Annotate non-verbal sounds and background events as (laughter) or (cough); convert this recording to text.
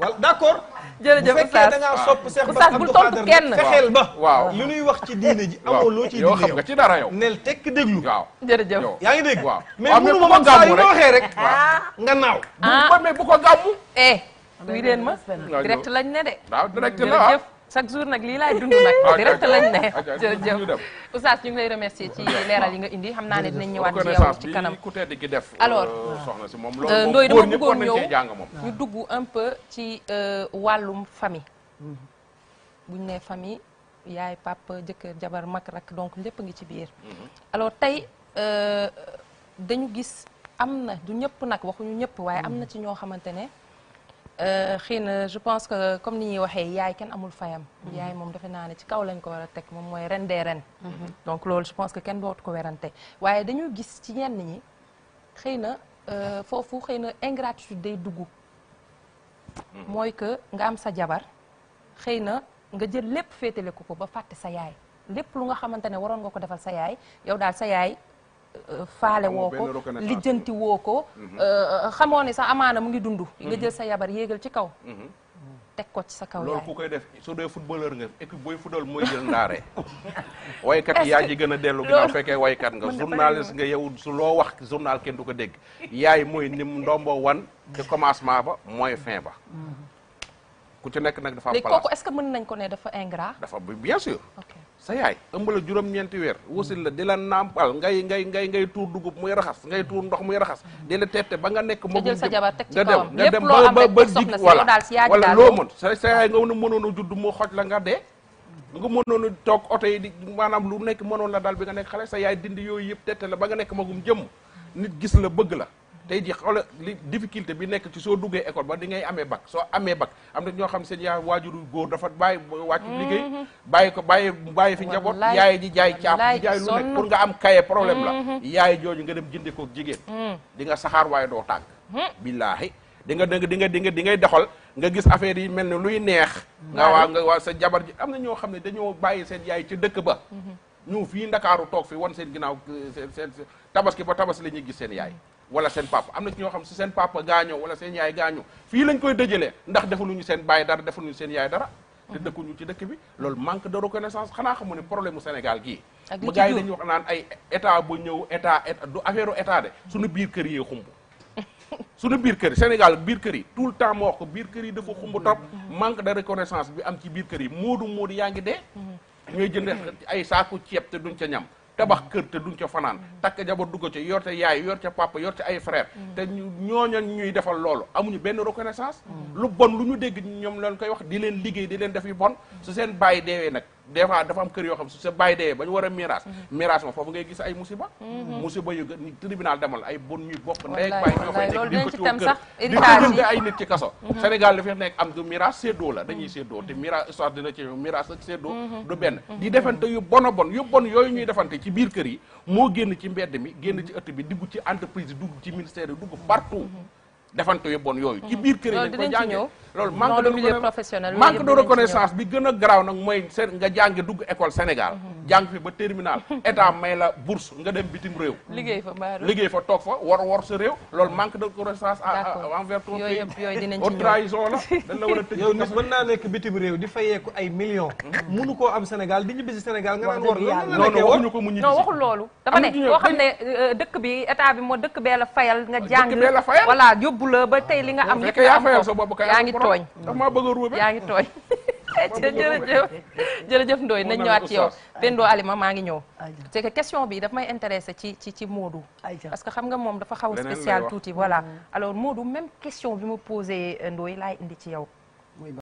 waaw d' accord. jërëjëf Oustaz bu fekkee da ngaa sopp Seex Bass Abdou Khadre fexeel ba. waaw lu nuy wax ci diine ji amoo loo ciy diine yow ci dara yow. nel tekk déglu. waaw jërëjëf yaa ngi dégg. waaw mais mënu ma man saa yu ma waxee rek. nga naaw. bu ko mais bu ko gàmmu. eh. wuy leen ma direct lañ ne de. waaw direct la waaw chaque jour nag lii laay dund nag ah, direct lañ ne ah, jërëjëf oustaz ñu ngi lay remercier ci ah. leeral yi nga indi xam naa ne dinañ ñëwaat ci yow ci kanam ku tedd gi def alors euh, soxna si moom euh, loolu ndooy dama bëggoon ñëw ñu dugg un peu ci euh, wàllum famille mm-hmm. buñ ne famille yaay papa jëkkër jabar mag rak donc lépp ngi ci biir mm-hmm. alors tey dañu gis am na du ñëpp nag waxuñu ñëpp waaye am na mm-hmm. ci ñoo xamante ne Euh, xëy na je pense que comme ni ñuy waxee yaay kenn amul fayam. yaay moom defe naa ne ci kaw lañ ko war a teg moom mooy ren dee ren. Mhm. donc loolu je pense que kenn dootu ko werante waaye dañu gis ci ñenn ñi xëy na euh, foofu xëy na ingratitude day dugg. Mhm. mooy que nga am sa jabar xëy na nga jël lépp féetale ko ko ba fàtte sa yaay lépp lu nga xamante ne waroon nga ko defal sa yaay yow daal sa yaay. faale woo ko lijjanti woo ko xamoo ne sax amaana mu ngi dund mhm. nga jël sa yabar yéegal ci kaw mhm. teg ko ci sa kaw yaay ku koy def soo dee footballeur nga équipe booy football mooy jël ndaare (laughs) waykat yaa ji gën a dellu ginnaaw fekkee waykat nga (laughs) journaliste nga yow su loo wax journal kenn du ko dégg yaay mooy nim ndombo wan ci commencement ba mooy fin ba mhm. ku ci nekk nag dafa am place kooku que mën nañ ko ne dafa ingrat dafa bien sûr sa yaay ëmb la juróom-ñeenti weer wasin la di la nàmpal ngay ngay ngay ngay tuur dugub muy raxas ngay tuur ndox muy raxas di la tette ba nga nekk magum jël sa jabar teg ci kawam nga dem nga dem ba ba jig voilà wala loo mën sa sa yaay mënoon a judd mu xoj la nga dee nga mënoon a toog oto yi maanaam lu nekk mënoon la daal bi nga nekk xale sa yaay dindi yooyu yëpp tette la ba nga nekk magum jëmm nit gis la bëgg la tey ji xoola li difficulté bi nekk ci soo duggee école ba di ngay amee bac soo amee bac am na ñoo xam seen yaa waajuru góor dafa bàyyi wàcc liggéey mm-hmm. bàyyi ko bàyyi bàyyi fi njaboot yaay ji jaay caaf ji jaay lu nekk pour nga am kaye problème la mm-hmm. yaay jooju nga dem jënde ko jigéen mm. di nga saxaar waaye doo tàgg mm. billaahi di nga dëgg di nga di di ngay doxal nga gis affaire yi mel ne luy neex nga waa nga waa sa jabar ji am na ñoo xam ne dañoo bàyyi seen yaay ci dëkk ba mm-hmm. ñëw fii ndakaaru toog fi wan seen ginnaaw seen seen tabaski ba tabas la ñuy gis seen yaay wala seen papa am na ñoo xam si seen papa gaañoo wala seen yaay gaañoo fii lañ koy dëjalee ndax defaluñu seen bàyyi dara defaluñu seen yaay dara te dëkkuñu ci dëkk bi loolu manque de reconnaissance xanaa xamu ne problème mu Sénégal gii mu gars yi dañuy wax naan ay état ba ñëw état état du affaire état de suñu biir kër yee xumb (laughs) suñu biir kër yi Sénégal biir kër yi tout le temps ma wax ko biir kër yi dafa xumb trop mm-hmm. manque de reconnaissance bi am ci biir kër yi moodu moodu yaa ngi dee mm-hmm. ñooy jënd ay saaku ceeb te duñ ca ñam tabax kër te duñ ca fanaan takk jabar dugg ca yor ca yaay yor ca papa yor ca ay frère mm. te ñooñu ñuy defal loolu amuñu benn reconnaissance mm. lu bon lu ñu dégg ñoom la lañ koy wax di leen liggéey di leen def yu bon mm. su seen bàyyi deewee nag des fois dafa am kër yoo xam su sa bàyyi dee ba ñu war a miraas miraas mhm. ma foofu ngay gis ay musiba mhm. musiba yu tribunal demal ay bon ñuy bokk ndey ak bàyyi ñoo fay nekk di ko ci wër ay nit ci kaso mhm. Sénégal dafay nekk am du miraas séddoo la dañuy séddoo te miraas histoire dina ci miraas ak du benn di defante yu bon a bon yu bon yooyu ñuy defante ci biir kër yi moo génn ci mbedd mi génn ci ëtt bi diggu ci entreprise dugg ci ministère yi dugg partout defante yu bon yooyu ci mhm. biir kër yi dañ ko jàngee loolu manque de manque de reconnaissance bi gën a garaaw nag mooy nga jànge dugg école Sénégal mhm. jàng fi ba terminal (laughs) état may la bourse nga dem bitim réew. liggéey fa liggéey fa toog fa war war sa réew. loolu manque de connaissance envers ton pays yooyu (laughs) war a réew di fayeeku ay millions. mënu mhm. koo am Sénégal di ñu bisi Sénégal nga naan war lan la nekkee war non waxuñu ko mu ñibbi non waxul loolu. dafa ne koo xam ne euh, dëkk bi état bi moo dëkk bee la fayal nga jàng. dëkk bee la yóbbu la ba tey li nga am. yëpp yaa fayal sa bopp kay yaa ngi tooñ. yaa ngi tooñ. (laughs) (laughs) jërëjëf jërëjëf Ndoye nañ ñëwaat ci yow Pendo Alima maa ngi ñëw c'est que question bi daf may intéressé ci ci ci Modou parce que xam nga moom dafa xaw a spécial tuuti voilà mm. alors Modou même question bi mu posé euh, Ndoye laay indi ci yow